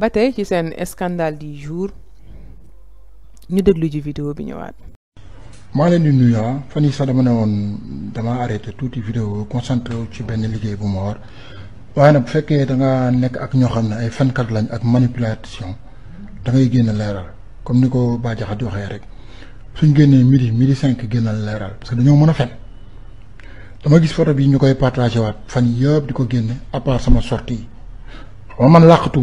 ba tey ci seen scandale du jour ñu déglu ji vidéo bi ñu ñëwaat. maa leen di nuyu ah fan yii sax dama ne woon dama arrêté tuuti vidéo concentré wu ci benn liggéey bu ma war waaye nag bu fekkee da nga nekk ak ñoo xam ne ay fankat lañ ak manipulation da ngay génn leeral comme ni ko Bah di waxee rek suñ génnee midi midi cinq génnal leeral parce que dañoo mën a fen dama gis photo bi ñu koy partagé waat fan yëpp di ko génne à sama sorti yi man làqatu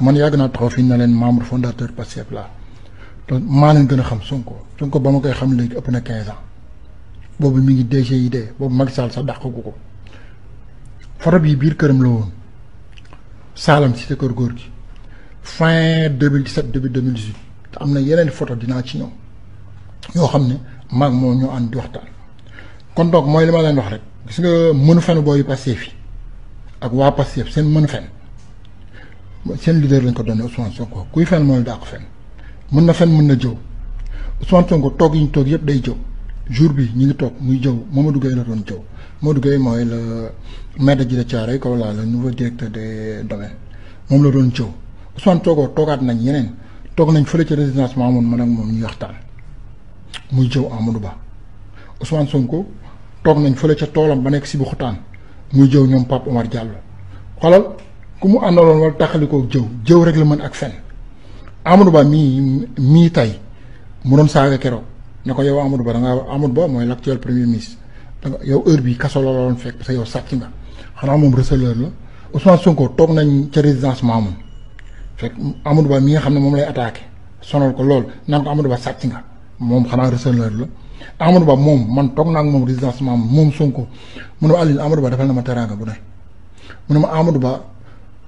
man yàgg naa taxaw fi ñu ne leen membre fondateur Pastef la te maa leen gën a xam Sonko Sonko ba ma koy xam léegi ëpp na 15 ans boobu mi ngi DGID boobu Macky Sall sax dàqagu ko photo bi biir këram la woon saalam ci sa kër góor gi fin 2017 début 2018 te am na yeneen photo dinaa ci ñëw yoo xam ne maag moo ñoo ànd di waxtaan kon donc mooy li ma leen wax rek gis nga mënu fen booyu Pastef yi ak waa Pastef seen mënu fen seen leader lañ ko doonee Ousmane Sonko kuy fen mooy dàq fen mën na fen mën na jëw Ousmane Sonko toog ñu toog yëpp day jëw jour bi ñu ngi toog muy jëw Mamadou Gueye la doon jëw Mamadou Gueye mooy le maire de Djiddah Thiaroye Kaw la le nouveau directeur des moom la doon jëw Ousmane toogaat nañ yeneen toog nañ fële ci résidence Mamoun man ak moom ñuy waxtaan muy jëw Amadou Ba Ousmane Sonko toog nañ fële ca toolam ba nekk si bu xutaan muy jëw ñoom Pape Omar Diallo xoolal. ku mu àndaloon wala taxalikoo jëw jëw rek la mën ak fen Amadou Ba mii mii tey mu doon saaga keroog ne ko yow Amadou Ba da ngaa Amadou Ba mooy l'actuel premier ministre da nga yow heure bi kaso la fekk parce yow sàcc nga xanaa moom receleur la Ousmane Sonko toog nañ ca résidence Mamoun fekk Amadou Ba mi nga xam ne moom lay attaqué sonal ko lool naan ko Amadou Ba nga moom xanaa receleur la Amadou Ba moom man toog naa ak moom résidence Mamoun moom Sonko mun ne ma Alioune Amadou Ba defal na ma teraanga bu ne mu ne ma Amadou Ba.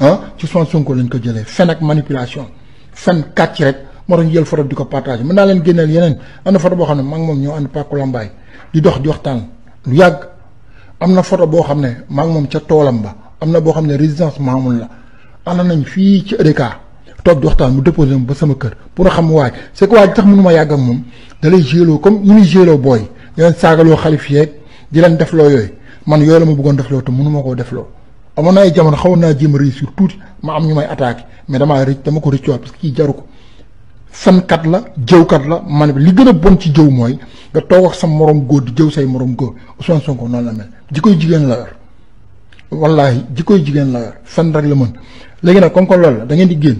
ah ci son Sonko lañ ko jëlé fen ak manipulation fen katch rek mo doon jël photo diko partager partagé mën naa leen génneel yenen ana photo boo xam ne maa ñoo di dox di waxtan lu yag, amna na photo boo xam ne maa ngi moom ba amna bo boo résidence mamoul la ana nañ fi ci edeka tok di waxtan mu déposer ba sama kër pour xam waaj c'est quoi tax mënuma yag ak mom da lay comme ñu ni boy booy di leen saagaloo man yoy la bëggon def lo te mënuma def lo amoon na ay jamono xawoon naa jéem a réussir tuuti ma am ñu may attaqué mais damaa rëcc dama ko rëccuwaat parce que kii jaru ko fenkat la jëwkat la man li gën a bon ci jëw mooy nga toog ak sa morom góor di jëw say moroom góor Ousmane Sonko noonu la mel jikko jigéen la yor wallaahi jigéen la yor fen rek la mën léegi nag comme que loolu la da ngeen di génn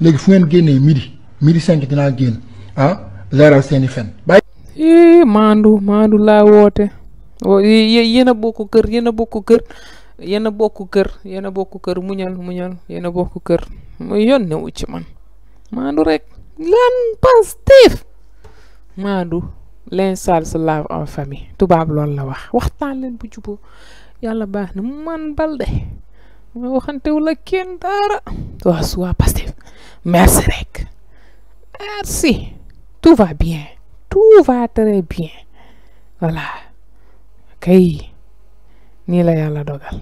léegi fu ngeen génnee midi midi cinq dinaa génn ah leeral seeni fen bàyyi maandu maandu laa woote yéen a bokk kër yéen a bokk kër Yena bokku bokk kër yéen a kër muñal muñal yena bokku kër mu yoon ci man mandu rek lan pastif mandu leen sal sa lave en famille tubaab loolu la wax waxtan len bu jubo yalla man balde ma waxantewu la ken dara waa suwaa pastif merci rek merci tout va bien tout va très bien voilà kay nii la yàlla dogal.